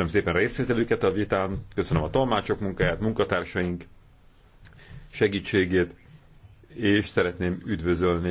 Köszönöm szépen részvételüket a vitán, köszönöm a tolmácsok munkáját, munkatársaink segítségét, és szeretném üdvözölni